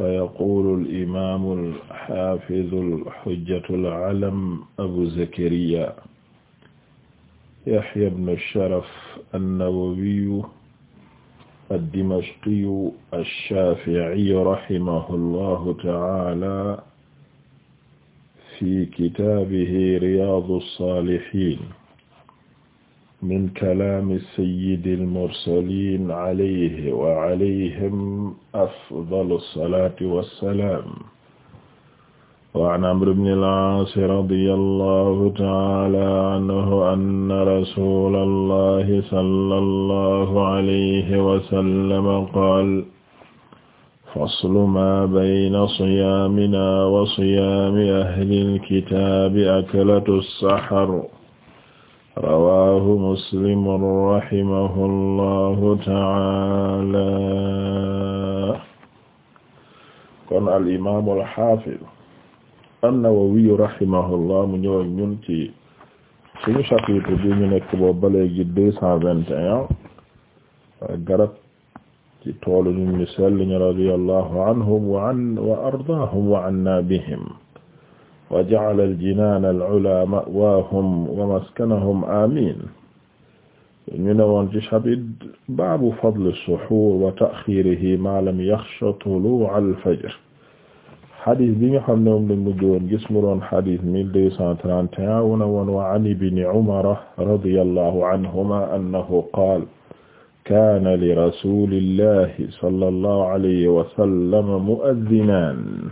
فيقول الإمام الحافظ الحجة العلم أبو زكريا يحيى بن الشرف النووي الدمشقي الشافعي رحمه الله تعالى في كتابه رياض الصالحين min kalaami sayyidil mursaliin alayhi wa alayhim afdalu salaati wa salaam. wa an Amr ibn al-Aas radiyallahu ta'aala anhu anna rasuulallahi sallallahu alayhi wa sallam qaala faslu maa bayna siyaaminaa wa siyaami ahlil kitaabi aklatu as-sahar rawaahu muslim rahimahu llahu taala kon al imaamu al xaafid an-Nawawi rahimahullah mu ñëw ak ñun ci suñu chapitre bi ñu nekk boobu ba léegi deux cent vingt et un garab ci toolu ñu ñu sell ñu radiyallahu anhum wa an wa ardaahum wa anna bihim wa ja'ala al-jinaan al-'ulaa ma'waahum wa maskanahum amiin ñu ne woon ci chapitre baabu fadli as-suhuur wa ta'xiirihi maa lam yaxsha tuluu'a al-fajr xadis bi nga xam ne moom lañ mujj woon gis mu doon xadis 1231 wu na woon wa 'an ibni Umara radiyallahu anhumaa annahu qaala kaana li rasuulillaahi sallallahu alayhi wa sallam mu'azzinaan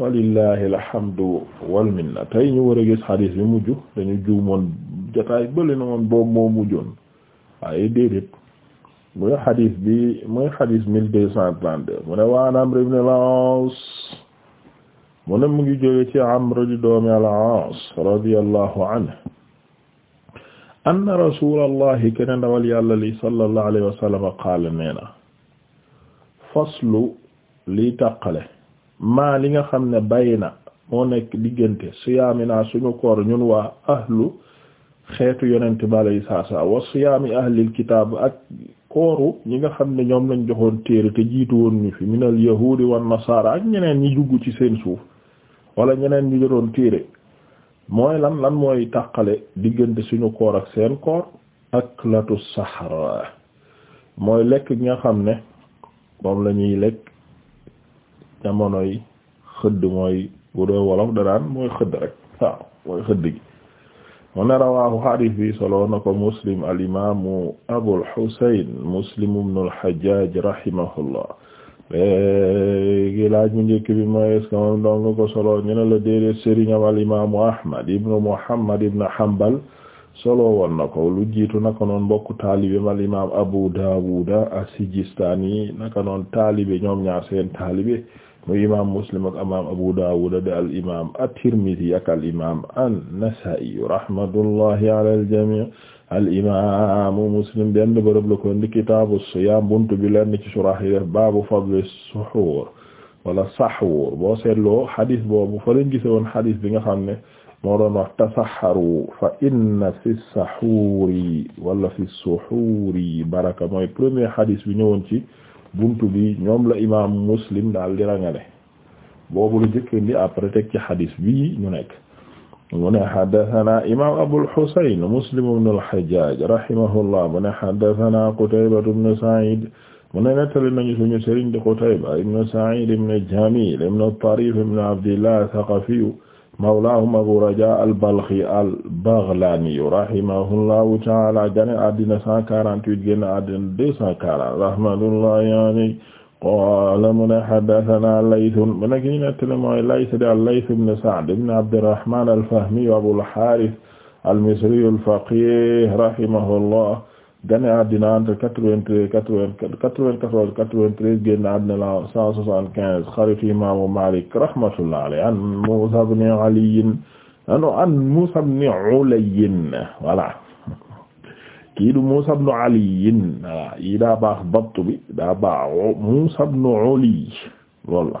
walillahi alhamdu wal minna tey ñu war a gis xadiis bi mujj dañu juumoon jotaay bële na woon boobu moo mujjoon waaye muy xadiis bi muy xadiis mille deux cent mu ne waan Amr ibn al-Aas mu ne mu ngi jóge ci Amr di doomi al-Aas radiyallahu anhu anna rasulallahi kene ndawal yàlla li sallallahu alayhi wa sallam faslu liy tàqale maa li nga xam ne bàyyi na moo nekk diggante siyaaminaa suñu koor ñun waa ahlu xeetu yonent balay saa saa wa siyaami ahlil kitaab ak kooru ñi nga xam ne ñoom lañ joxoon téere te jiitu ñu fi minal yahuudi wan nasaara ak ñeneen ñi dugg ci seen suuf wala ñeneen ñi jotoon téere mooy lan lan mooy tàqale diggante suñu koor ak seen koor ak latu lekk gi nga xam ne la ñuy lekk jamonoy xëdd ko muslim al imaamu abul husayn muslim ibnul hajjaaj rahimahullah léegi laaj mu njëkk bi mooy est-ce ko solo ñu ne la déedéet sëriñam al imaamu ahmad ibnu muhammad ibnu hanbal solo woon na ko lu jiitu naka noon mbokku taalibeem al imaam abu daawuda as-sijistaani naka noon taalibe ñoom ñaar taalibe mu imam Muslim ak imam Abu Dawud de al imam at-Tirmidhi ak al imam an-Nasa'i rahmatullahi ala al-jami' al imam Muslim benn bërëb la ko ndi kitaabu siyaam buntu bi lenn ci surah yi def baabu fadli suhuur wala sahur boo seetloo hadith boobu fa lañ gise woon hadith bi nga xam ne moo doon wax tasaharu fa inna fi sahuri wala fi suhuri baraka mooy premier hadith bi ñëwoon ci buntu bi ñoom la imaam muslim daal di rangale boobu lu jëkk indi après teg ci ñu nekk mu ne xaddatana imaam Abul Husayn Muslim ibn al-Hajjaj rahimahullah mu ne xaddatana Qutayba ibn Sa'id mu ne nettali nañu suñu sëriñ di Qutayba ibn Sa'id ibn Jamil mawlaahum Abu Rajaa al-Balkhi al-Baghlaani rahimahullahu ta'aala gane àddina 148 génn àddina 240 rahmatullahi alayhi qaala mu ne haddathanaa Layth mu ne ki nettali mooy Layth di al-Layth ibn Sa'd ibn Abdirrahmaan al-Fahmi Abul Haarith al-Misri al-Faqih rahimahullah gane àddina entre quatre-vingt-treize quatre-vingt-quatorze quatre-vingt-treize génn àddina la cent soixante-quinze xaritu imaamu Maalik rahmatullahi alayhi an Muusaa ibn Ali an Muusaa ibn Ulay voilà kii du Muusaa ibn Ali voilà yi daa baax dabtu bi daa baax Muusaa ibn Ulay loolu la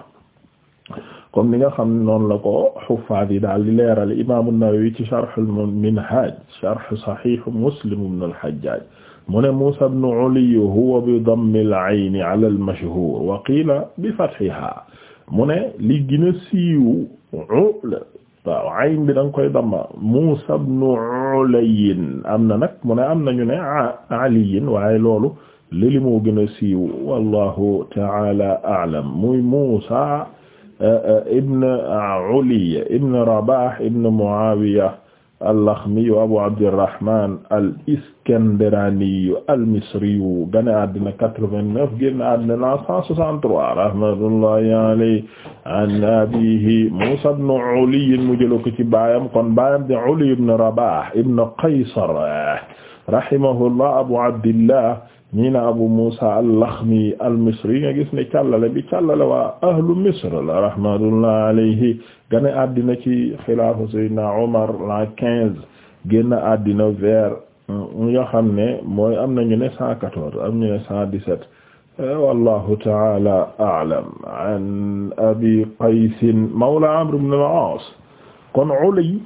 comme ni nga xam ne noonu la ko xuffaat yi daal di leeral Imaam An-Nawawi ci Sharh Al-Minhaaj Sharh Sahih Muslim ibn Al-Hajjaaj mu ne Muusaa ibn Uliy huwa bi dammil ayni ala al-mashhuur wa qiila bi fathihaa mu ne li gën a siiw waaw ayn bi da nga koy damma Muusaa ibn Uliy am na nag mu ne am nañu ne Aliyin waaye loolu lili moo gën a siiw wallahu ta'ala a'lam muy Muusaa eh, eh, ibn Uliy ibn Rabaah ibn Mu'aawiya al-Laxmiyu Abu Abdirrahmaan al-Iskandaraaniyu al-Misriyu gane àddina 89 génn àddina 163 rahmatullahi alayhi an abiihi Muusaa ibn Uliy mu jëloon ko ci baayam kon baayam di Uliy ibn Rabaah ibn Qaysar rahimahullah Abu Abdillah ñii na Abu Musa al-Laxmi al-Misri gis ne càllale bi càllale waa ahlu Misr la rahmatullah alayhi gane àddina ci xilaafa Seydina Omar la quinze génn àddina vers mm, nga xam ne mooy am nañu ne ñu ne cent dix-sept ta'ala a'lam an Abi Qays mawla Amr ibn al kon Ulay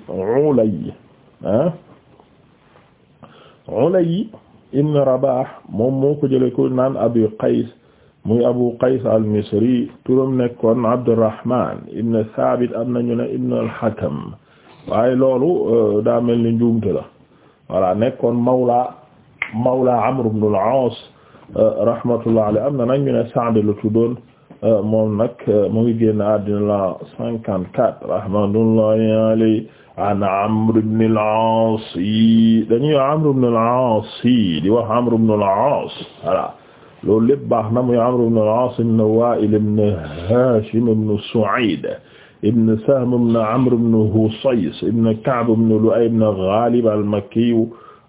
Ulay ah, ibn Rabah moom moo ko jëlee ko naan Abi Qays muy Abu Qays al-Misri turam nekkoon Abdurrahman ibn Thabit am nañu ne ibn al-Hakam waaye loolu euh, daa mel ni njuumte la voilà nekkoon mawla mawla Amr ibn al-Aas euh, rahmatullah alayhi am na nag ñu ne Sa'd la tuddoon euh, moom nag mu ngi génn àddina la cinquante-quatre rahmatullahi an Amr ibn al-Aas dañuy Amr ibn al-Aas di wax Amr ibn al-Aas voilà loolu lépp baax na muy Amr ibn al-Aas ibn Wa'il ibn Hashim ibn Su'ayd ibn Sahm ibn Amr ibn Husays ibn Ka'b ibn Lu'ay ibn Ghalib al-Makki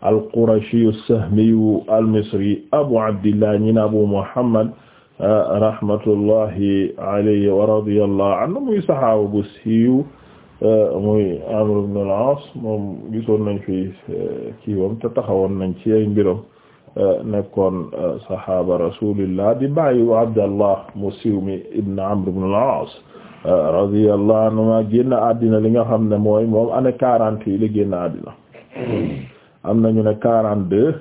al-Qurashi as-Sahmi al-Misri Abu Abdillah ñi na Abu Muhammad rahmatullahi alayhi wa radiyallahu anhu muy saxaaba bu siiw Euh, muy Amr ibn al-As moom gisoon nañ fi euh, kiiwam te taxawoon nañ ci ay mbiram euh, nekkoon saxaaba rasulillah di bàyyi Abdallah mu siiw mi ibn Amr ibn al-As anhuma génn àddina li nga xam ne mooy moom année quarante yi am nañu ne quarante deux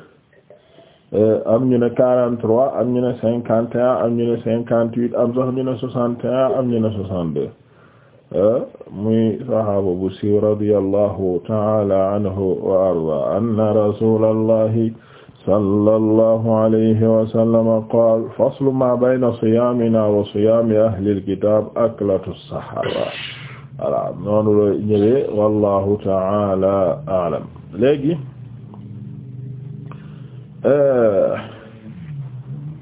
am ñu ne quarante trois am ñu ne cinquante et un am ñu ne cinquante huit am sax ñu ne soixante et un am ñu ne soixante deux muy sahaaba bu siiw radiyallahu ta'ala anhu wa arda anna rasulallahi sallallahu alayhi wa sallam qaal faslu ma bayna siyaamina wa siyaami ahlil kitaab aklatu sahaba voilà noonu la ñëwee wallahu ta'ala a'lam léegi euh,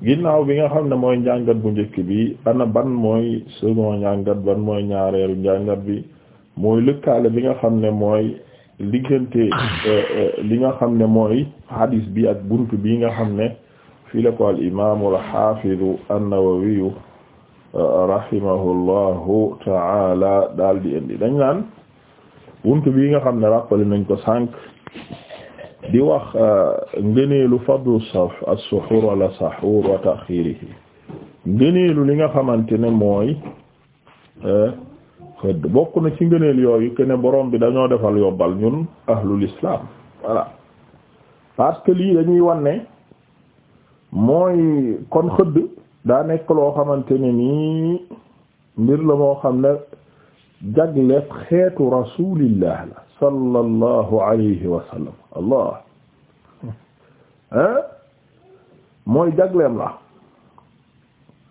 ginnaaw bi nga xam ne mooy njàngat bu njëkk bi ana ban mooy second njàngat ban mooy ñaareelu njàngat bi mooy lëkkaale bi nga xam ne mooy diggante euh, euh, li nga xam ne mooy hadis bi ak bunt bi nga xam ne fii la ko al imaamu al xaafidu an-Nawawiyu euh, taala daal di indi dañ naan bunt bi nga xam ne rappelé nañ ko sànq di wax euh, ngëneelu fadlu saf as-suhur walla sahur wa ta'khirihi ngëneelu li nga xamante ne mooy euh, xëdd bokk na ci ngëneel yooyu que ne borom bi dañoo defal yobbal ñun ahlul islam voilà parce lii dañuy wan mooy kon xëdd daa nekk loo xamante ne nii mbir la moo xam ne jaglef xeetu rasulillah la sallallahu alayhi wa allah hein mooy jagleem la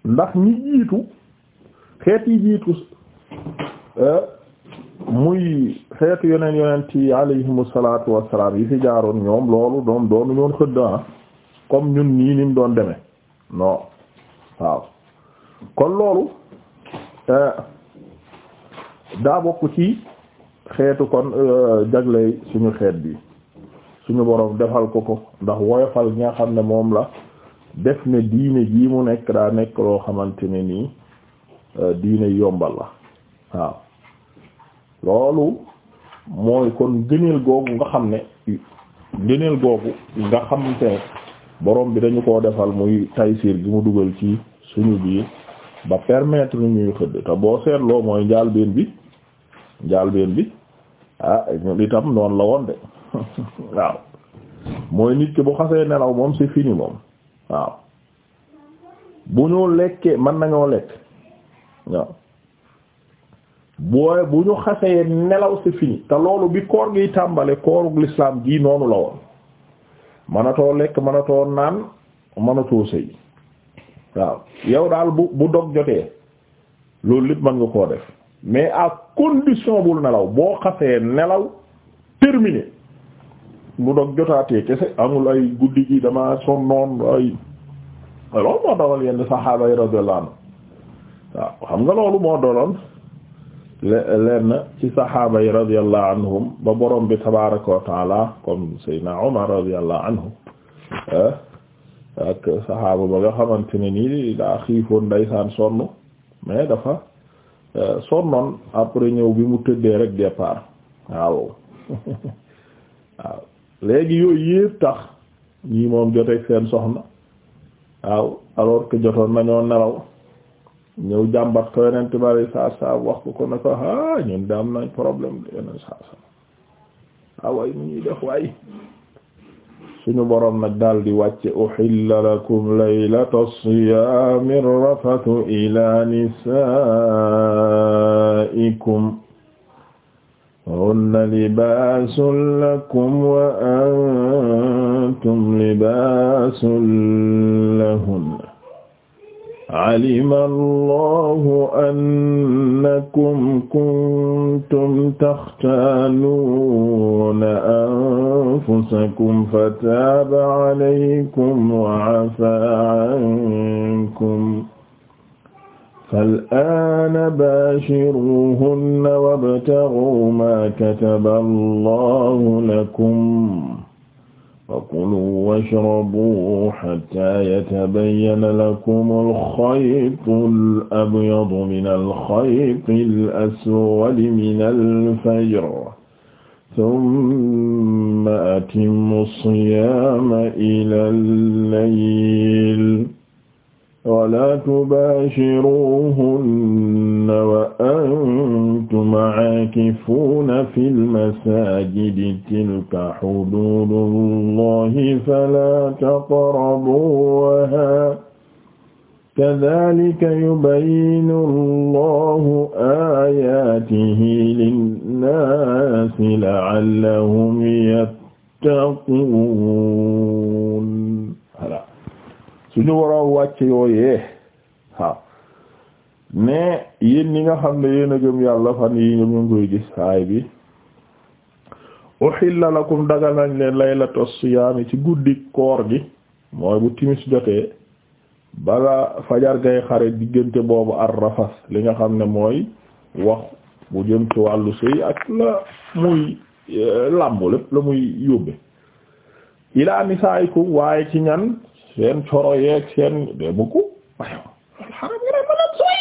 ndax ñi jiitu xeet yi jiitu muy xeetu yoneen yonent yi alayhimu salaatu wassalaam yi fi jaaroon ñoom loolu doom doonu ñoon xëdda comme ñun nii nim doon deme non waaw kon loolu daa bokk ci xeetu kon euh, jagley suñu xeet bi suñu boroom defal ko ko ndax woyofal ñi nga xam ne moom la def ne diine jii mu nekk daa nekk loo xamante ne nii euh, diine yombal la waaw loolu mooy kon gëneel googu nga xam ne gëneel googu nga xam te borom bi dañu ko defal muy taysiir gi mu dugal ci suñu biir ba permettre ñuy xëdd te boo seetloo mooy njaal benn bi njaalbeen bi ah ñoom itam noonu la woon de waaw mooy nit ki bu xasee nelaw moom c'est fini moom waaw bu ñu lekkee mën nañoo lekk waaw booy bu ñu xasee nelaw c'est fini te loolu bi koor gi tàmbali koorug l'islam gii noonu la woon mënatoo lekk mënatoo naan mënatoo sëy waaw yow daal bu bu dog jotee loolu lépp mën nga koo def mais à condition bul nelaw boo xasee nelaw terminé bu dog jotaatee kese amul ay guddi gi dama sonnoon ay loolu moo dawal yenn saxaaba yi waaw xam nga loolu moo doloon lenn ci saxaaba yi radiyallahu ba borom bi tabaaraka wa taala comme Seydina Omar radiyallahu anhu eh, ak saxaaba ba nga xamante ne nii daa xiifoon ndeysaan sonn mais dafa Euh, sonnoon après ñëw bi mu tëddee rek départ waaw waaw léegi yooyu yépp tax ñii moom joteeg seen soxna waaw alors que jotoon nañoo nelaw ñëw jàmbat ko yeneen bari saa saa wax ko ko ne ko ah ñun daam nañ problème yeneen saa saa waaw waaye mu ñuy def waaye suñu boroom nag daal di wàcce uhilla lakum laylata siyaami rafatu ila nisaikum hunna libaasun lakum wa antum libaasun lahunna alima allahu annakum kuntum taxtaanuuna anfusakum fataaba alaykum wa afaa ankum fal'aana baashiruuhunna wabtaghuu maa kataba allahu lakum فكلوا واشربوا حتى يتبين لكم الخيط الأبيض من الخيط الأسود من الفجر ثم أتموا الصيام إلى الليل wala tubaashiruhunna wa antum aakifuuna fil masaajidi tilka huduudullaahi falaa taqrabuuhaa kazaalika yubayyinullahu aayaatihi linnaasi la'allahum yattaquun ñu waroo wàcce yooyee waaw ne yéen ñi nga xam ne yéen a gëm yàlla fan yi ñoom ñu ngi koy gis saay bi uhilla lakum dagal nañ leen laylatu siyaami ci guddi koor gi mooy bu timis jotee bala fajar gay xare diggante boobu ar rafas li nga xam ne mooy wax bu jëm ci wàllu sëy ak la muy eh, làmbu lépp la muy yóbbe ilaa nisaa'ikum waaye ci ñan seen coro yeeg seen de mukk waaye xaram nga ma lan sooy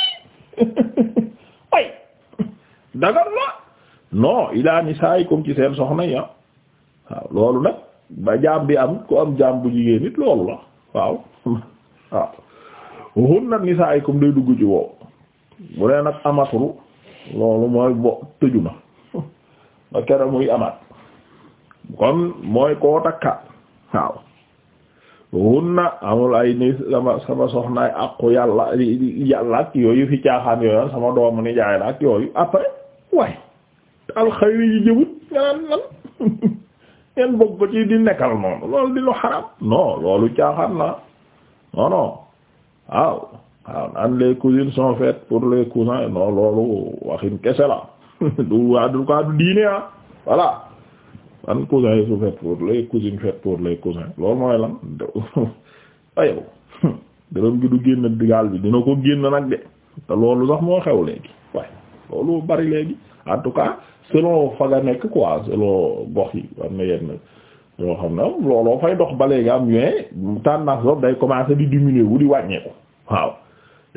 way dagar la non ilaa nisaa'ikum ci seen soxna ya ah. waaw loolu nag ba jaam bi am ku am jaam bu jigéen nit loolu la waaw waaw hunna nisaa'ikum day dugg ci woowu bu dee nag amatul loolu mooy bo tëju na ba kere muy amaat kon mooy koo takka waaw hunna amul ay ni sama soxnaay aqu yàlla yàlla ak yooyu fi caaxaan yooyu sama doomu ni jaay la ak yooyu après waaye alxayri yi jëwut nga naan lan ngeen bokk ba ci di nekkal noonu loolu di lu xaraam non loolu caaxaan la non non waaw waaw naan les cousines sont faites pour les cousins non loolu waxin kese la du kaa du diine ah voilà an cousin yi su fait pour les cousines fait pour loolu mooy lan ayow dërëm gi du génn digaal bi dina ko génn nag de te loolu sax moo xew léegi waaye loolu bari léegi en tout cas selon fa nga nekk quoi selon gox yi am na yenn yoo xam ne looloo fay dox ba léegi am mais tendance boobu day commencer di diminuer wu di wàññeeku waaw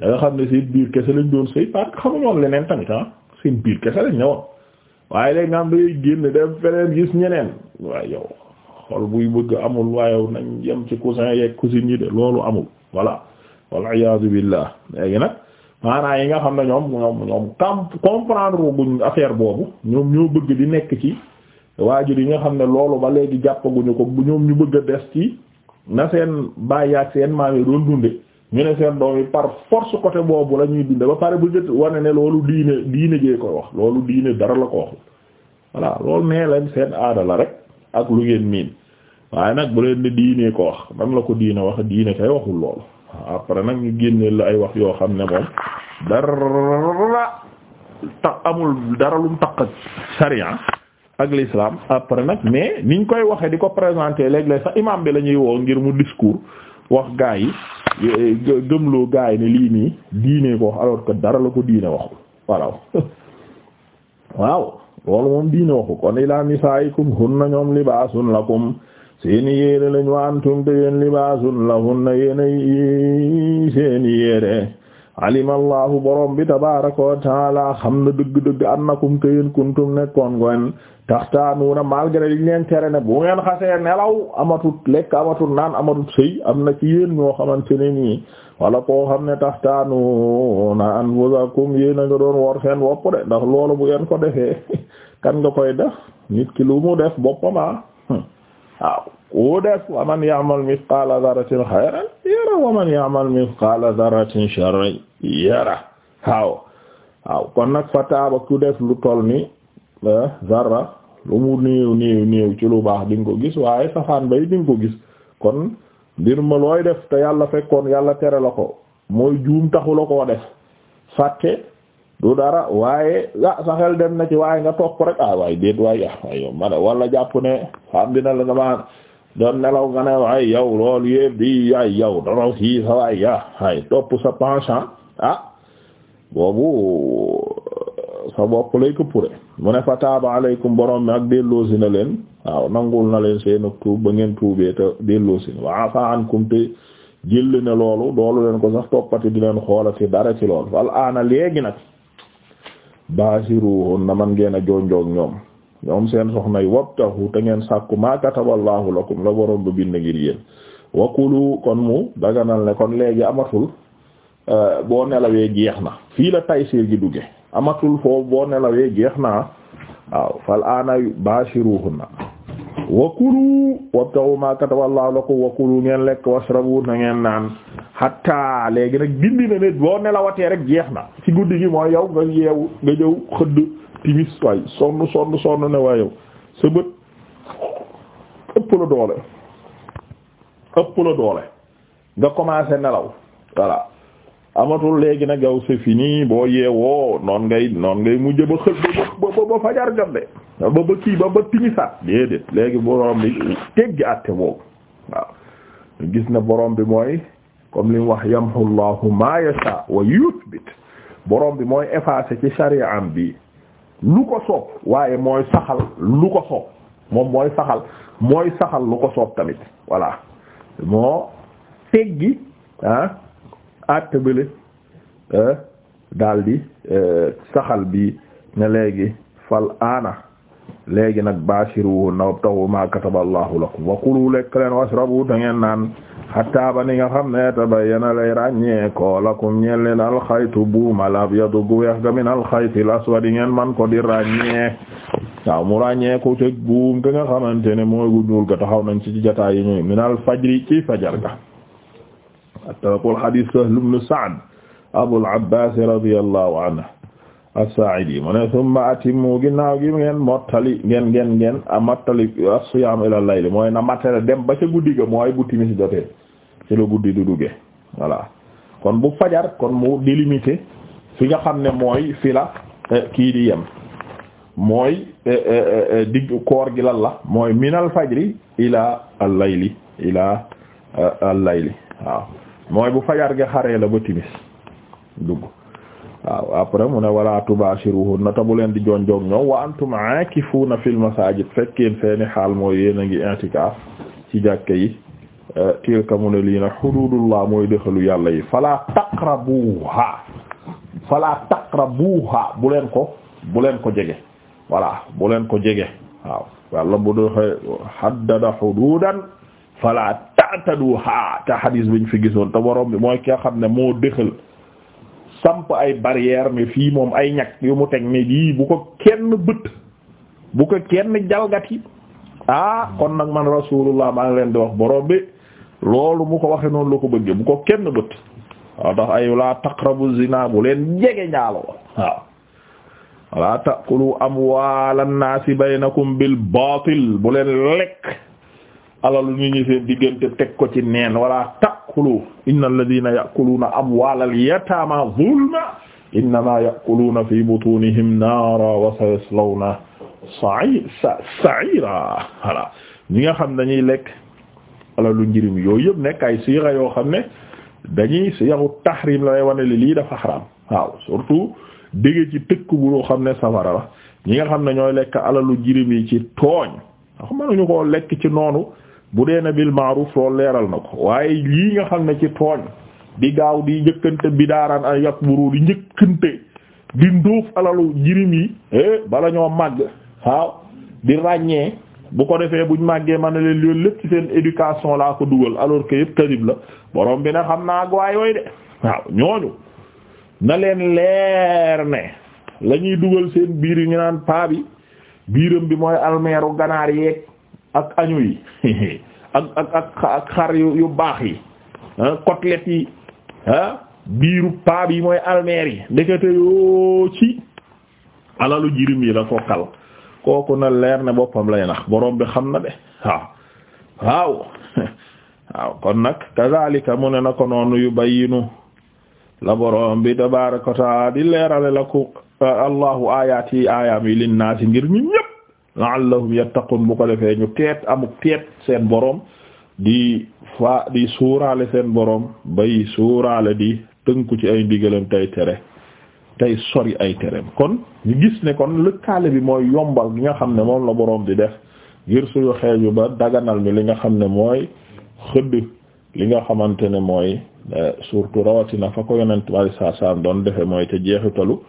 ya nga xam ne seen biir kese lañ doon sëy parce xamuñoon leneen tamit ah seen biir kese lañ ñëwoon waaye léegi nga xam day génn dem feneen gis ñeneen waaye yow xol buy bëgg amul waaye nañ yem ci cousin yeeg cousine yi de loolu amul voilà wal iyaazu billah léegi nag maanaam yi nga xam ne ñoom ñoom ñoom comprendre guñ affaire boobu ñoom ñoo bëgg di nekk ci waajur yi nga xam ne loolu ba léegi jàppaguñu ko bu ñoom ñu bëgg a des ci na seen bàyyi ak seen maam yi doon dunde ñu ne seen doom yi par force côté boobu la ñuy dundee ba pare bu jot wane ne loolu diine diine jee koy wax loolu diine dara la ko waxul voilà loolu nee leen seen aada rek ak lu ngeen miin waaye nag bu leen ne ko wax nan la ko diine wax diine kay waxul loolu après nag ñu génneel la ay wax yoo xam ne moom dara ta amul dara lum taq ak sariya ak l'islam après nag mais niñ koy waxee di ko présenter léeg-léeg sax imam bi la ñuy woo ngir mu discours wax gaa yi gëmloo gaa yi ne lii nii diine ko wax alors dara la ko diine waxul voilà waaw loolu moom diine waxu kon ilaa nisaa'ikum hunna ñoom libaasun lakum seeni yére lañu antum te yéen libaasun lahunna yéenay seeni yére alimallahu borom bi tabaaraka wa taala xam na dëgg-dëgg annakum ke yéen kuntum nekkoon ngeen taxtaanuuna malgré liñ leen tere ne bu ngeen xasee nelaw amatut lekk amatut naan amatut sëy am na ci yéen ñoo xamante ne nii wala koo xam ne taxtaanuuna anfusakum yéen a nga doon wor seen bopp de ndax loolu bu ngeen ko defee kan nga koy def nit ki lu mu def boppam ah, hmm, waaw wu def wa man ya'mal mithqala dharratin khayran yara wa man ya'mal mithqala dharratin sharran yara waaw waaw kon nag fataaba ku def lu toll ni zarra eh, lu mu néew néew néew ci lu baax di ko gis waaye safaan bay di ko gis kon mbir ma looy def te yàlla fekkoon yàlla tere la ko mooy juum taxu la koo def fàtte du dara waaye ah sa xel na ci waaye nga toog ko rek ah waaye déet waaye ah aywa wala jàpp ne xam doon nelaw nga ne ay yow loolu yëpp di ay yow daraw si sa waay ya topp sa penchant ah boobu sa bopp lay ko pure mu ne fa taaba aleykum borom mi ak delloosi na leen waaw nangul na leen seen tuub ba ngeen tuubee te delloosi na wa afa ankum te jëlli ne loolu doolu leen ko sax toppati di leen xoolati dara ci loolu wal aana léegi nag baasiruhun na man ngeen a jonjoog ñoom ñoom seen soxna yi wabtahu te ngeen sàkku ma kataballaahu ko la borom ba bind ngir yéen wakulu kon mu daganal ne kon léegi amatul euh, boo nelawee jeex na fii la taysiir gi dugge amatul foofu boo nelawee jeex na waaw fal aana bashiruhunna wakulu wabtahu ma kataballaahu lakum wakulu ngeen lekk washrabu na ngeen naan hatta léegi nag dindi na ne boo nelawatee rek jeex na ci guddi gi mooy yow nga yeewu nga jëw xëdd timis waay sonn sonn sonn ne waaye sa bët ëpp la doole ëpp la doole nga commencé nelaw voilà amatul léegi nag yow c'est fini boo yeewoo noon ngay noon ngay mujj ba xël ba ba fajar jot de ba ba kii ba ba timisaat déedéet léegi borom bi teggi àtte boobu waaw gis na borom bi mooy comme li mu wax yamhu Allahu ma yasha wa yuthbit borom bi mooy effacer ci shari'am bi lu ko soob waaye mooy saxal lu ko soob moom mooy saxal mooy saxal lu ko soob tamit voilà moo teggi ah àtte bële euh, daldi euh, saxal bi ne léegi fal aana léegi nag bashiruhu na taw ma kataba allahu lakum wa kulu lekk leen washrabu da ngeen naan hatta ba ni nga xam ne tabayyana lay ràññee ko lakum ñeel leen alxaytu buuma al abyadu gu weex ga min alxayti al aswadi ngeen man ko di ràññee waaw mu ràññee ko te buum ga nga xamante ne mooy gu ñuul ga taxaw nañ ci jotaay yi ñuy min al ci fajar ga attafaqul hadith Sahl ibn Sa'd Abul Abbaas radiyallahu anhu as-Saa'idi mu ne summa atimmu ginnaaw gi ngeen mottali ngeen ngeen ngeen a mottali as ila layl mooy na matale dem ba ca guddi ga mooy bu timis ci la guddi du duggee voilà kon bu fajar kon mu délimité fi nga xam ne mooy fi la eh, kii di yem mooy eh, eh, digg koor gi lan la mooy minal fajri ilaa al-layli ilaa al-layli waaw mooy bu fajar gi xaree la ba timis dugg waaw après mu ne wala tubashiruhunna ta bu leen di joon joog ñoom wa antum aakifuna fil masaajid fekkeen seeni xaal mooy yéen a ngi i'tikaaf ci jàkka yi Eh, tilka mu ne lii nag mooy dëxalu yàlla yi fala taqrabuha fala taqrabuha bu leen ko bu leen ko jege voilà bu leen ko jege waaw yàlla bu doxe haddada hududan fala ta'taduha te hadis biñ fi gisoon te borom bi mooy ki nga xam ne moo dëxal samp ay barrière mais fii moom ay ñag yu mu teg nii lii bu ko kenn bët bu ko kenn jalgati ah kon nag man rasulullah maa ngi leen di wax borom bi loolu mu ko waxe noonu la ko bëggee bu ko kenn bët waaw tax ay laa taqrabu zina bu leen jege njaaloo waaw laa taakulu amwaala naasi baynakum bil baatil bu leen lekk alalu nit ñi seen diggante teg ko ci neen wala taakulu inna alladina yaakuluuna amwaalal yataama zulma innama yaakuluuna fi butunihim naara wa sayaslawna sa'ira wala ñi nga xam dañuy lekk alalu njirim yooyu yëpp nekk ay siira yoo xam ne dañuy siiru tahrim la lay wane li lii dafa xaraam waaw surtout dégg ci tëkk bu loo xam ne safara la ñi nga xam ne ñooy lekk alalu njirim yi ci tooñ ndax mënuñu koo lekk ci noonu bu dee na bil ma'ruf loolu leeral na ko waaye lii nga xam ne ci tooñ di gaaw di njëkkante bi daaraan ay yakburu di njëkkante di ndóof alalu njirim yi eh, bala ñoo màgg waaw di ràññee bu ko defee buñ màggee mën a leen loolu lépp ci seen éducation laa ko dugal alors que yëpp kadib la boroom bi na xam naa gaa yooyu de waaw ñooñu na leen leer ne la ñuy dugal seen biir yi ñu naan paa bi biiram bi mooy almeeru ganaar yeeg ak añu yi ak ak ak xar yu baax yi côtelette yi ah biiru paa bi mooy almeer yi ndekete yoo ci alalu jirim yi la ko kooku na leer ne boppam lay nax borom bi xam na de waaw waaw kon nag kazalika mu ne na ko noonu yu bayyinu la borom bi tabaaraka wa di leera la ko eh, allahu ayati ayam yi lin naasi ngir ñu ñëpp la'allahum yattaqun bu ko defee teet amuk teet seen borom di fa di suuraale seen borom bay suuraale di tënku ci ay ndigalam tay tere tey sori ay tereem kon ñu gis ne kon lëkkaale bi mooy yombal gi nga xam ne moom la boroom di def ngir suñu xeeju ba daganal mi li nga xam ne mooy xëdd li nga xamante ne mooy euh, surtout rawatina fa ko yonent bari saa saa doon defe mooy te jeexitalu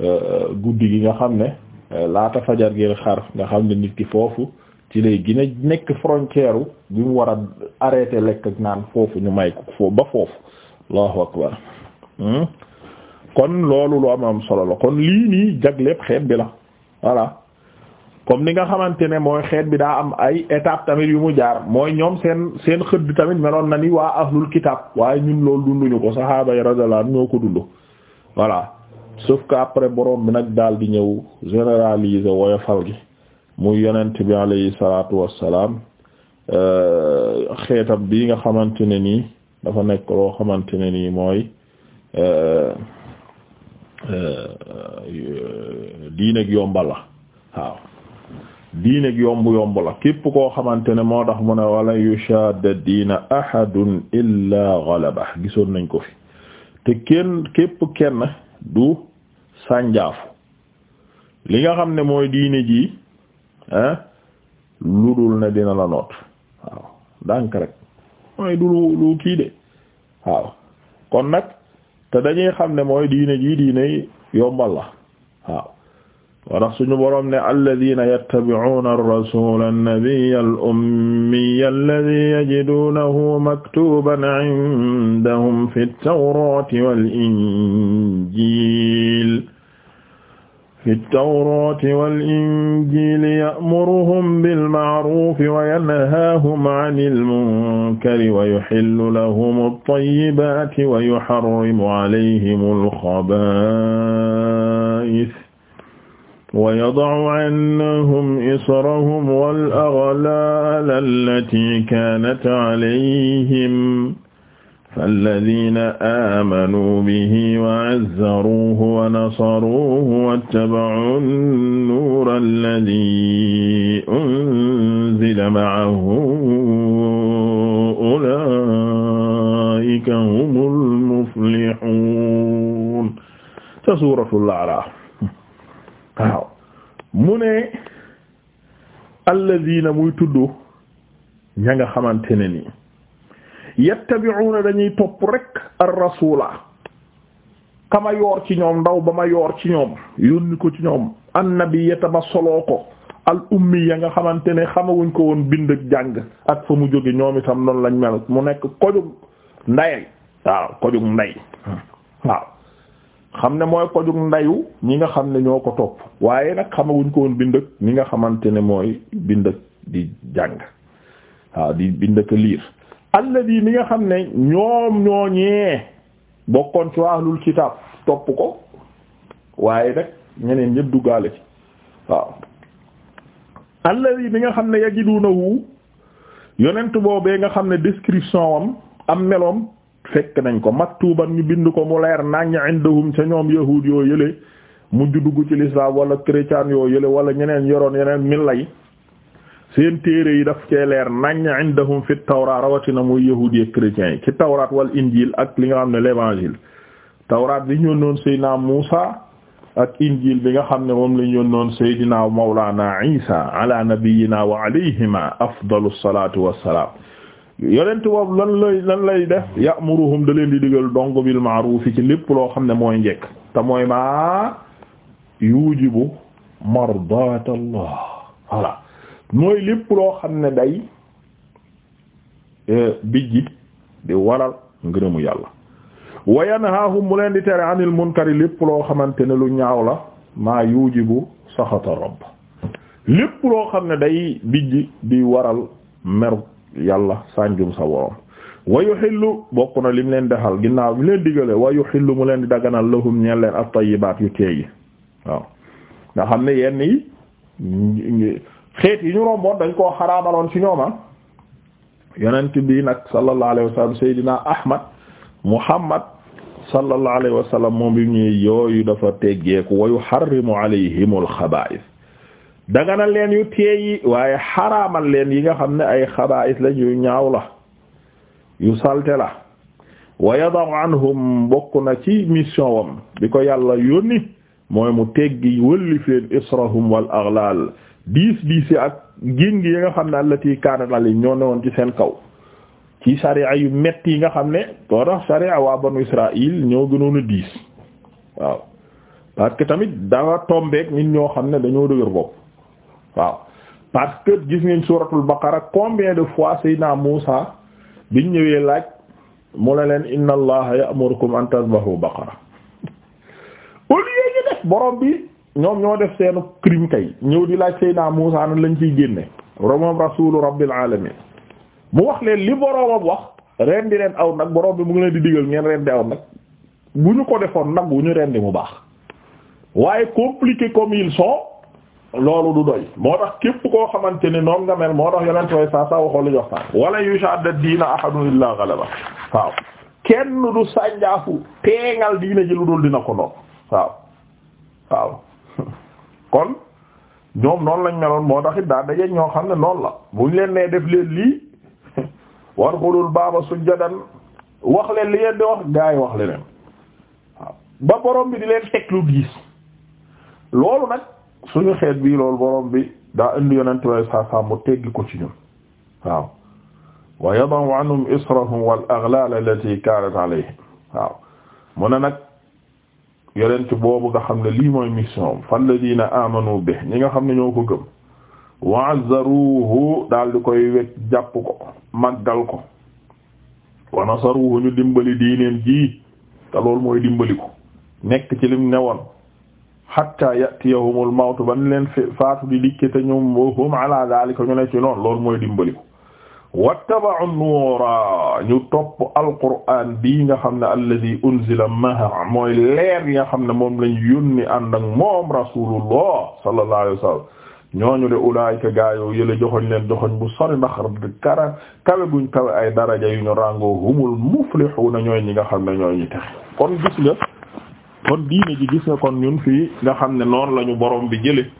euh, guddi gi nga xam ne euh, laata fajar gi xar nga xam ne nit ki foofu ci lay gina nekk frontière bi mu war a arrêté lekk ak naan foofu ñu may ko foofu ba foofu allahu akbar hmm? kon loolu lu am am solo la kon lii nii jagleeb xeet bi la voilà comme ni nga xamante ne mooy xeet bi daa am ay étape tamit yu mu jaar mooy ñoom seen seen xëdd tamit meloon na ni waa ahlul kitab waaye ñun loolu dunduñu ko saxaaba yi ñoo ko dund voilà sauf que après borom bi nag daal di ñëw généraliser woyofal gi muy yonent bi alayhi salaatu wassalaam euh, xeetam bi nga xamante ne nii dafa nekk loo xamante ne nii mooy euh, Euh, euh, diineeg yomba la waaw diineeg yomb yomb la képp koo xamante ne moo tax mu ne wala yushadda diina ahadun illa ghalaba gisoon nañ ko fi te kenn képp kenn du sànjaafu li nga xam ne mooy diine ji ah lu dul ne dina la noot waaw dànk rek mooy du lu kii de waaw kon nag te dañuy xam ne mooy diine ji diine yombal la waaw wa tax suñu boroom ne alladina yattabi'una ar-rasula an-nabiyya al-ummiyya alladhi yajidunahu maktuban 'indahum fi at-tawrati wal-injil fi ltawrati walinjili yaamuruhum bilmaarufi wa yanhaahum aan ilmunkari wa yuxillu lahum altayibaati wa yuxarrimu alayhim alxabaa'is wa yadacu cannahum israhum wal aglaala allatii kaanat calayhim فالذين آمنوا به وعزروه ونصروه واتبعوا النور الذي أنزل معه أولئك هم المفلحون ca suuratul A'raaf waaw mu ne alladina muy tudd ña nga xamante ne ni yattabi'una dañuy topp rek ar-rasula kama yoor ci ñoom ndaw ba ma yoor ci ñoom yónni ko ci ñoom annabi tama soloo ko al ummi ya nga xamante ne xamawuñ ko woon bind ak jàng ak mu jóge ñoom itam noonu lañ mel mu nekk kojug ndayay waaw kojug nday ne mooy kojug ndayu ñi nga xam ne ñoo ko topp waaye nag xamawuñ ko bind ak ñi nga xamante ne mooy bind di jàng waaw liir alladi mi nga xam ne ñoom ñooñee bokkoon ci ahlul kitaab topp ko waaye nag ñeneen ñëpp duggaale ci waaw alladi mi nga xam ne yajidunahu yonent boobee nga xam ne description am am meloom fekk nañ ko maktuban ñu bind ko mu leer nañ indahum ca ñoom yahuud yoo yële mujj dugg ci l'islam wala chrétien yoo yële wala ñeneen yoroon yeneen milla yi seen téere yi daf cee leer nañ indahum fi tawraat rawatina muy yahuudi ak chrétiens yi ci tawraat wal injil ak li nga xam ne l'évangile tawraat bi ñu yónnoon Seydina Muusa ak injil bi nga xam ne moom la ñu yónnoon Seydina Mawlana Isa ala nabiyyina wa alayhima afdalu salaatu wassalaam yonent boobu lan lay lan lay def ya'muruhum da leen di digal dong bil ma'ruf ci lépp loo xam ne mooy njekk te mooy maa yujibu mardaat Allah voilà mooy lépp loo xam ne day euh, bijji di waral ngërëmu yàlla wa yanhaahum mu leen di tere anil munkari lépp loo xamante ne lu ñaaw la maa yujibu saxata rabb lépp loo xam ne day bijji di waral meru yàlla sànjum sa borom wa yuhillu bokk na lim leen defal ginnaaw bi leen digale wa yuhillu mu leen di daganal lahum ñeen leen at-tayyibaat yu teey yi waaw nga ne yenn xeet yi ñu romboon dañ koo xaraamaloon ci ñooma ah. yonent bi nag sallallahu alayhi wa sallam Seydina Ahmad Muhammad sallallahu alayhi wa sallam moom bi ñuy yooyu dafa teggeeku wa yuharrimu alayhimul xabaa'is daganal leen yu teeyi waaye xaraamal leen yi nga xam ne ay xabaa'is la yu ñaaw la yu salte la wa yada'u anhum bokk na ci mission wam bi ko yàlla yónni mooy mu teggi wëllif leen israhum wal diis diis yi ak ngin gi yi nga xam ne allati kaanal yi ñoo newoon ci seen kaw ci sariya yu metti yi nga xam ne boo tax sariya waa banu Israël ñoo gënoon diis waaw parce que tamit dafa tombeek nit ñoo xam ne dañoo dëgër bopp waaw parce que gis ngeen suuratul baqara combien de fois Seydina Muusa biñ ñëwee laaj mu la leen inna allaha ya'murukum an tadhbahu baqara au lieu ñu def borom bi ñoom ñoo def seenu crime kay ñëw di laaj Seydina Muusaa nan lañ ciy génne romoom rasulu rabbil alamin mu wax leen li boroomam wax ren di leen aw nag boroom bi mu ngi leen di digal ngeen ren di aw nag bu ñu ko defoon nag bu ñu ren di mu baax waaye compliqué comme ils sont loolu du doy moo tax képp koo xamante ni noon nga mel moo tax yeneen tooy saa saa waxoo lu jox saa wala yushadda diina ahadun illa ghalaba waaw kenn du sànjaafu teengal diina ji lu dul dina ko noonu waaw kon ñoom noonu lañ meloon moo taxit daa daje ñoo xam ne noonu la buñ leen nee def leen lii war xulul baaba sujjadan wax leen li ngeen di wax gaa wax leneen waaw ba borom bi di leen teg lu diis loolu nag suñu xeet bii loolu borom bi daa indi yonent way saa mu teggi ko ci ñun waaw wa yada'u anhum israhum wal aghlal allati kanat alayhim waaw mu ne nag yonent boobu nga xam ne lii mooy mission falladina amanu bi ñi nga xam ne ñoo ko gëm wa azzaruhu koy wet jàpp ko màggal ko wa nasaruhu ñu dimbali diineem ji te loolu mooy dimbali ko nekk ci lim newoon hatta yatiyahumul mawtu ban leen faatu di dikke te ñoom hum ala daalika ñu ne ci lool loolu mooy dimbali ko wattaba'u nuura ñu topp alquraan bii nga xam ne alladi unzila maha mooy leer yi nga xam ne moom lañ yónni ànd ak moom rasulullah sallallahu alayhi wasallam ñooñu de ulaayika gaayoo yële joxoñ leen joxoñ bu sori ndax kara kawe guñ kawe ay daraja yu ñu ràngoo humul muflihuna ñooy ñi nga xam ne ñooy ñi texe kon gis nga kon diine ji gis nga kon ñun fii nga xam ne noonu lañu borom bi jële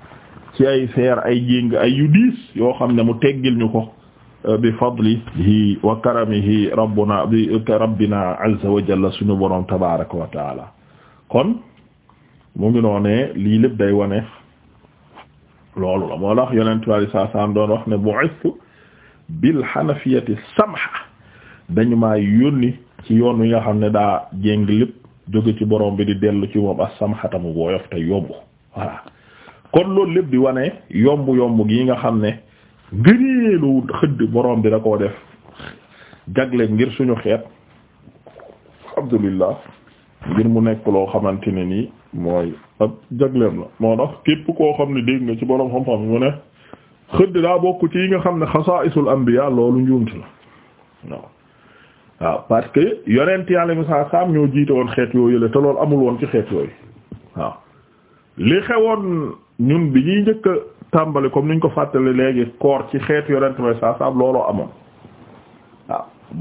ci ay seer ay jéng ay yu yoo xam ne mu teggil ñu ko bi fadlihi wa karamihi rabbuna bi rabbina azza wa suñu borom tabaraka wa kon mu ngi noonee lii lépp day wane loolu la moo tax yonent bi saa saa doon wax ne bu'istu bil hanafiyati samha dañu maa yónni ci yoon wi nga xam ne daa jéng lépp jóge ci borom bi di dellu ci moom as-samhatamu booyof te yomb voilà kon loolu lépp di wane yomb yomb gi nga xam ne. ngëneelu xëdd borom bi da koo def jagle ngir suñu xeet alhamdulillah ngir mu nekk loo xamante ne nii mooy ab jagleem la moo tax képp koo xam ne dégg nga ci borom xam-xam mu ne xëdd daa bokk ci yi nga xam ne xasaa'isul anbiya loolu njuumti la waaw waaw parce que yonent yàlla mi saa saam ñoo jiite woon xeet yooyu la te lool amul woon ci xeet yooyu waaw li xewoon ñun bi ñuy njëkk tàmbali comme niñ ko fàttali léegi koor ci xeet yonent may saa saab looloo amoon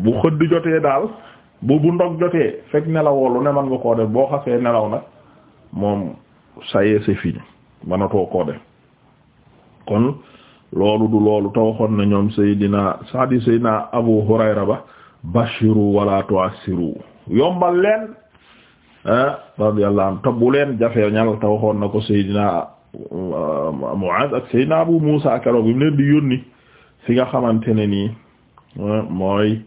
bu xëdd jotee daal bu bu ndog jotee fekk nelawoo lu ne man nga koo boo xasee nelaw nag moom ça y est c'est fini manatoo kon loolu du loolu te na ñoom Seydina Saadi Seydina Abu Hurayra ba bashiru wala tu'assiru yombal leen ah radiyallahu anhu leen jafee ñal te na ko Seydina Muaz ak Abu Muusa keroog bi di yónni fi nga xamante ne nii euh, mooy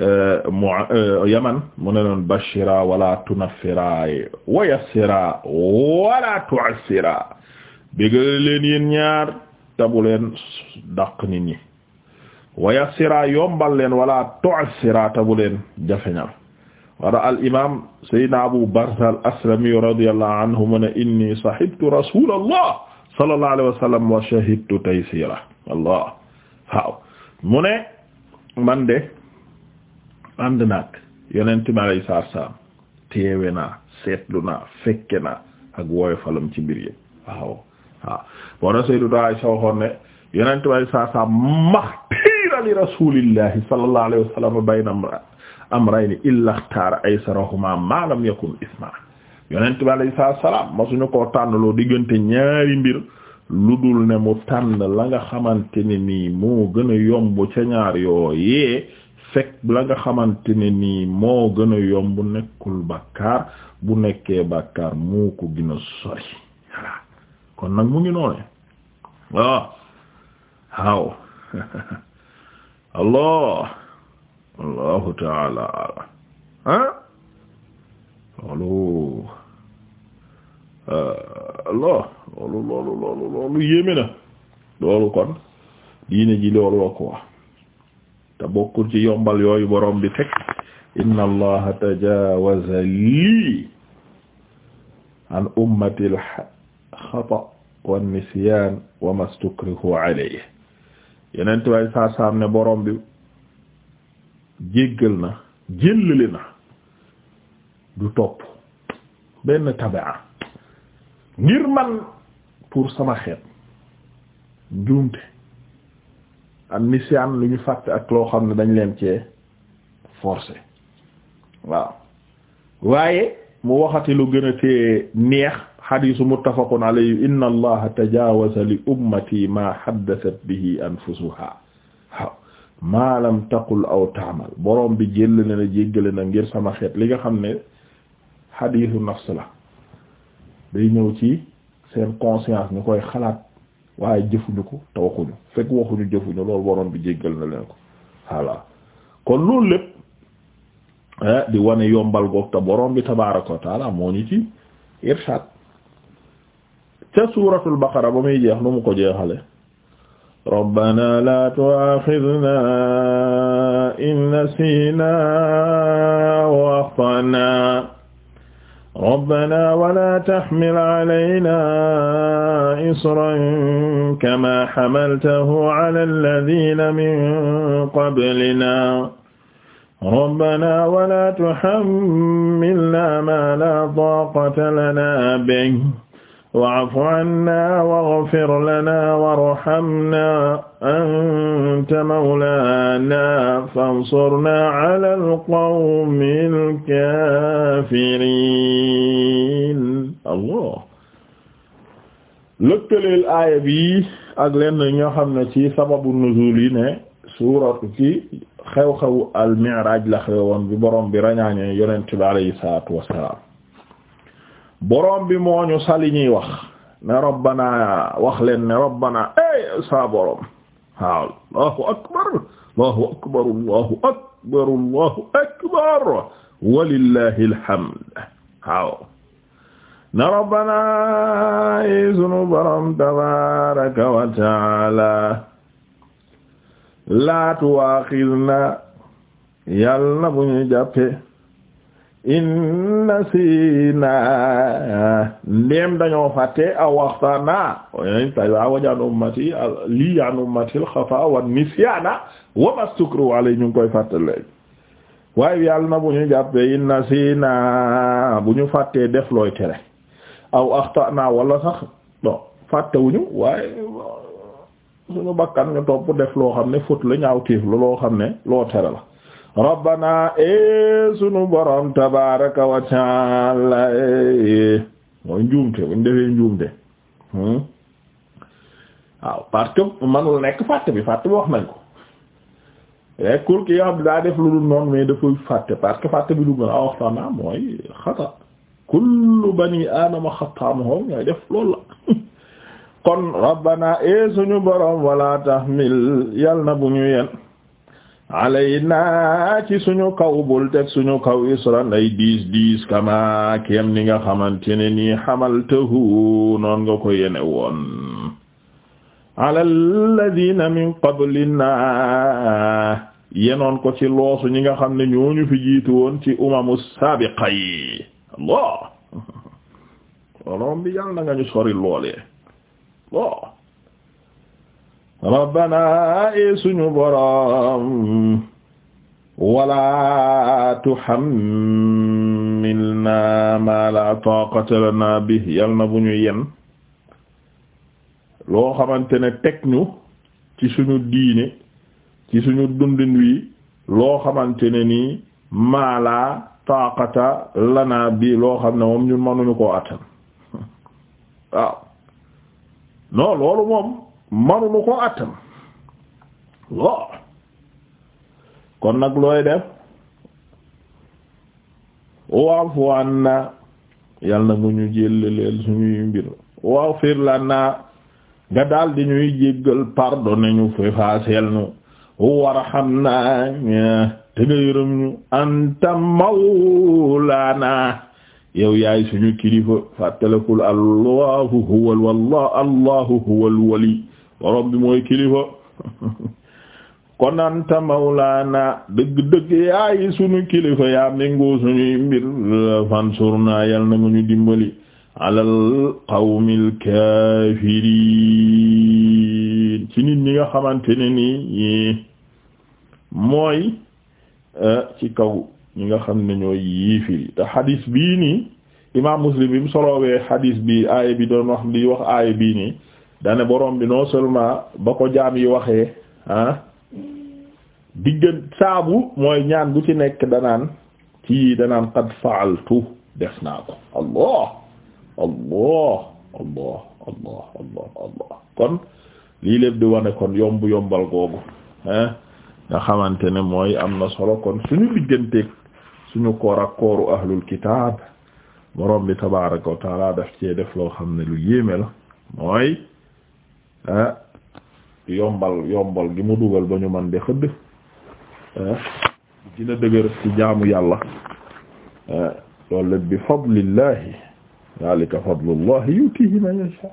euh, euh, mu Yaman ne noon bashira wala tunaffira wa wala tu'assira bégal leen yéen ñaar tabu leen dàq nit ñi wa yassira leen wala tu'assira tabu leen jafeñal wara al imaam Seydina Abu Barza al Aslami anhu mu inni sahibtu rasulallah sallallahu alayhi wa shahidtu taysira allah waaw mu ne man de ànd naag yonent mi alayhi salaatu salaam teewe naa seetlu naa fekke naa ak wooy falam ci mbir yëpp waaw waaw na Sayyidatu Aisha waxoon ne yonent amrayni illa ixtaara aysarahuma ma lam yakun isma yonent bi alayhi salaam ma suñu koo tànnaloo diggante ñaari mbir lu dul ne mu tànn la nga xamante ni nii moo gën a yomb ca ñaar yooyee fekk la nga xamante ni nii moo gën a yomb nekkul bàkkaar bu nekkee bàkkaar moo ko gën a sori voilà kon nag mu ngi noone waaw waaw Allah allahu taala ah loolu uh, lo loolu kon diine ji loolu la quoi te bokkul ci yombal yooyu borom bi teg inna allaha tajawaza lii an ummati al xata wa nisyan wa mastukrihu alayhi yeneen tubaab saa saam ne borom jéggal na jéllale na du topp benn tabaa ngir man pour sama xeet njuumte am nisiyaan lu ñu fàtte ak loo xam ne dañ leen cee forcé waaw waaye mu waxati lu gën a tee neex xadiisu muttafaqun alayhi inna allaha li ummati ma haddathat bi anfusuha maalam taqul aw taamal borom bi jël na la jéggale na ngir sama xeet li nga xam ne xadiisu nafs la day ñëw ci seen conscience ñu koy xalaat waaye jëfuñu ko te waxuñu fekk waxuñu jëfuñu loolu borom bi jéggal na leen ko voilà kon loolu lépp ah, di wane yombal goog te borom bi tabaaraka wa taala moo ñu ci irshaad ca suuratul baqara ba muy jeex lu mu ko jeexale ربنا لا تؤاخذنا إن نسينا وأخطأنا ربنا ولا تحمل علينا إصرا كما حملته على الذين من قبلنا ربنا ولا تحملنا ما لا طاقة لنا به wa'fu anna waghfir lana warhamna anta mawlana fansurna ala alqawmil kaafiriin Allah lëkkaleel aaya bi ak leen ñoo xam ne ci sababu nuzuul yi ne suuratu ci xew-xewu al-mi'raaj la xewoon bi borom bi ràññaa ne yonent bi alayhi salaatu wa salaam boroom bi moo ñu sali ñuy wax ne rabbana wax leen ne rabbana eh saa boroom waaw allahu akbar allahu akbar allahu akbar allahu akbar walillahi alhamd waaw ne rabbana yi sunu boroom tabaraka wa taala laa tuwaaxidna yàlla bu ñu jàppe inna sina ndéem dañoo fàtte aw waxtaana oy tazawaj an ummati li an ummati al xafa wa nisyana wa mastukru alay ñu koy fàtte léegi waaye yàlla na bu ñu jàppee inna sina bu ñu fàttee def looy tere aw axtana wala sax bon fàttewuñu waaye suñu bakkan nga topp def loo xam ne fóot la ñaaw téef la loo xam ne loo tere la rabbana e sunu borom tabaraka wa taala eh. mooy njuumte buñ defee njuumte hmm? waaw parce que manul nekk fàtte bi fàtt bi wax nañ ko lekkul eh, ki yoo xam daa def lu dul noonu mais dafay fàtte parce que fàtte bi dugg na a waxtaan naa mooy xata kullu bani aadama xattaam hom ñooy def loolu la kon rabbana e suñu borom wala tahmil yal na bu ñu yen alayna ci suñu kaw bul teg suñu kaw isran ay diis diis kama kem ni nga xamante ne nii xamaltahu noon nga ko yene woon ala alladina min qablina yenoon ko ci loosu ñi nga xam ne ñooñu fi jiitu woon ci umamu saabiqa Allah wolom bi yàlla ñu sori loole lo rabbana e suñu borom wala tuhammilna ma la taqata lana bi yal bu ñu yen loo xamante ne teg ñu ci suñu diine ci suñu dundin wi loo xamante ne nii ma la lana bi loo xam ne moom ñun mënuñu koo attan waaw loolu moom manunu ko attan waaw kon nag looy def waafu anna yal na nga ñu jëllaleel suñuy mbir waghfir lana nga daal di ñuy jéggal pardonné ñu fe faaseel ñu warhamna te nga yërëm ñu anta mawlana yow yaay suñu kilifa fàttalakul allahu huwal wallah allahu huwal wali borom bi mooy kilifa kon anta mawlaana dëgg dëgg yaay sunu kilifa yaa méngoo suñuy mbir fansurnaa yal na mu ñu dimbali alal qawmil kaafiriin ci nit ñi nga xamante ne nii mooy eh, ci kaw ñi nga xam ne ñooy yiifiri te xadis bii nii imaam muslim bi mu solowee xadis bi aaya bi doon wax li wax aaya bii nii dane borom bi noo seulement ba ko jaam yi waxee ah diggan saabu mooy ñaan gu ci nekk danaan ci danaan qad fa'altu def naa ko allah allah allah allah allah kon lii lépp di wane kon yomb yombal googu ah nga xamante ne mooy am na solo kon suñu digganteeg suñu koor ak kooru ahlul kitaab borom bi tabaaraka wa taala daf cee def loo xam ne lu yéeme la mooy Ah, yombal yombal gi mu dugal ba ñu man de xëdd dina ah, dëgër ci jaamu yàlla ah, loolu bi fadlillahi zalika fadlullahi yutihi man yasha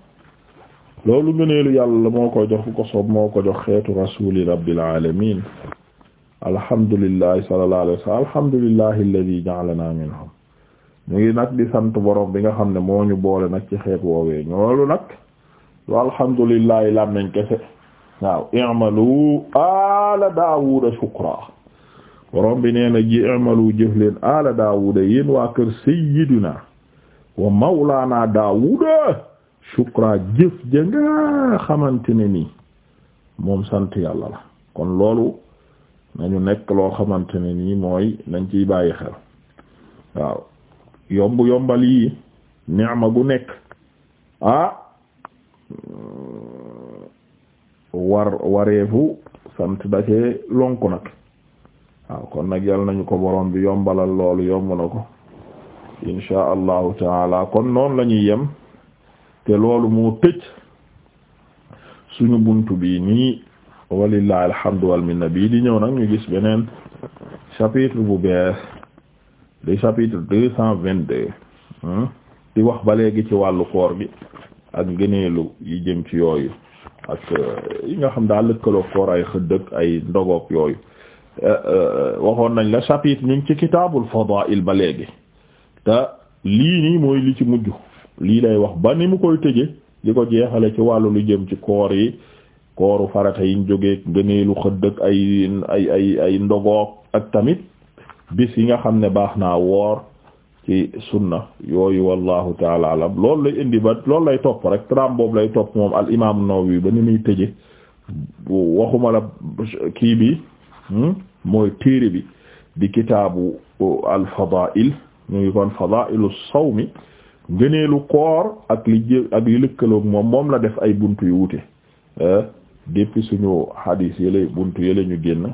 loolu ngëneelu yàlla moo ko jox ku ko soob moo ko jox xeetu rasuli rabbil alamin alhamdulillahi sallallahu alayhi wa sallam alhamdulillahi alladhi ja'alana minhum ñu ngi nag di sant borom bi nga xam ne moo ñu boole nag ci xeet woowee ñoolu nag walhamdulillahi lam nañ kese waaw i'malu ala daawuda shukra borom bi nee na ji i'malu jëf leen ala daawuda yéen waa kër sayyiduna wa mawlaana daawuda shukra jëf ja nga xamante ne nii moom sant yàlla la kon loolu nañu nekk loo xamante ni nii mooy nañ ci bàyyi xel waaw yomb yombal yi ni'ma gu nekk ah war wareefu sant da cee nag waaw kon nag yal nañu ko borom bi yombalal loolu yomb na ko insha allahu taala kon noonu lañuy ñuy yem te loolu moo tëj suñu buntu bi nii walillahi alhamdu wal minna bii di ñëw nag ñu gis beneen chapitre bu bees di chapitre deux cent vingt-deux hmm? di wax ba léegi ci wàllu koor gi ak gëneelu yi jëm ci yooyu ak euh, yi nga xam daal lëkkaloo koor ay xëddëk ay ndogook yooyu euh, euh, waxoon nañ la sapit ñu ngi ci kitaabul fadaa'il ba léegi te lii nii mooy li ci mujj lii lay wax ba ni mu koy tëje di ko jeexale ci wàllu lu jëm ci koor yi kooru farata yiñ jógee gëneelu xëddëk ay ay ay ay ndogook ak tamit bis yi nga xam ne baax naa woor ci sunna yooyu wallahu taala alam loolu lay indi ba loolu lay topp rek tram lay topp moom al imam Nawawi ba ni muy tëje waxuma la kii bi hmm, mooy téere bi di kitaabu al fadail ñu ngi kon fadailu sawmi ngëneelu koor ak li jë ak li lëkkaloog moom moom la def ay buntu yu wute eh, depuis suñu hadis yële buntu yële ñu génn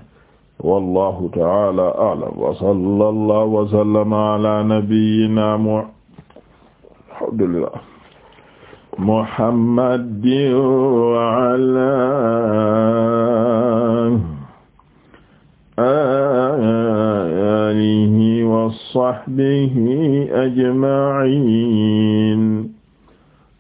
wallahu taala alam wa sallallahu wa sallama ala nabiyyina alhamdulillah muhammadin wa ala alihi wa sahbihi ajma'in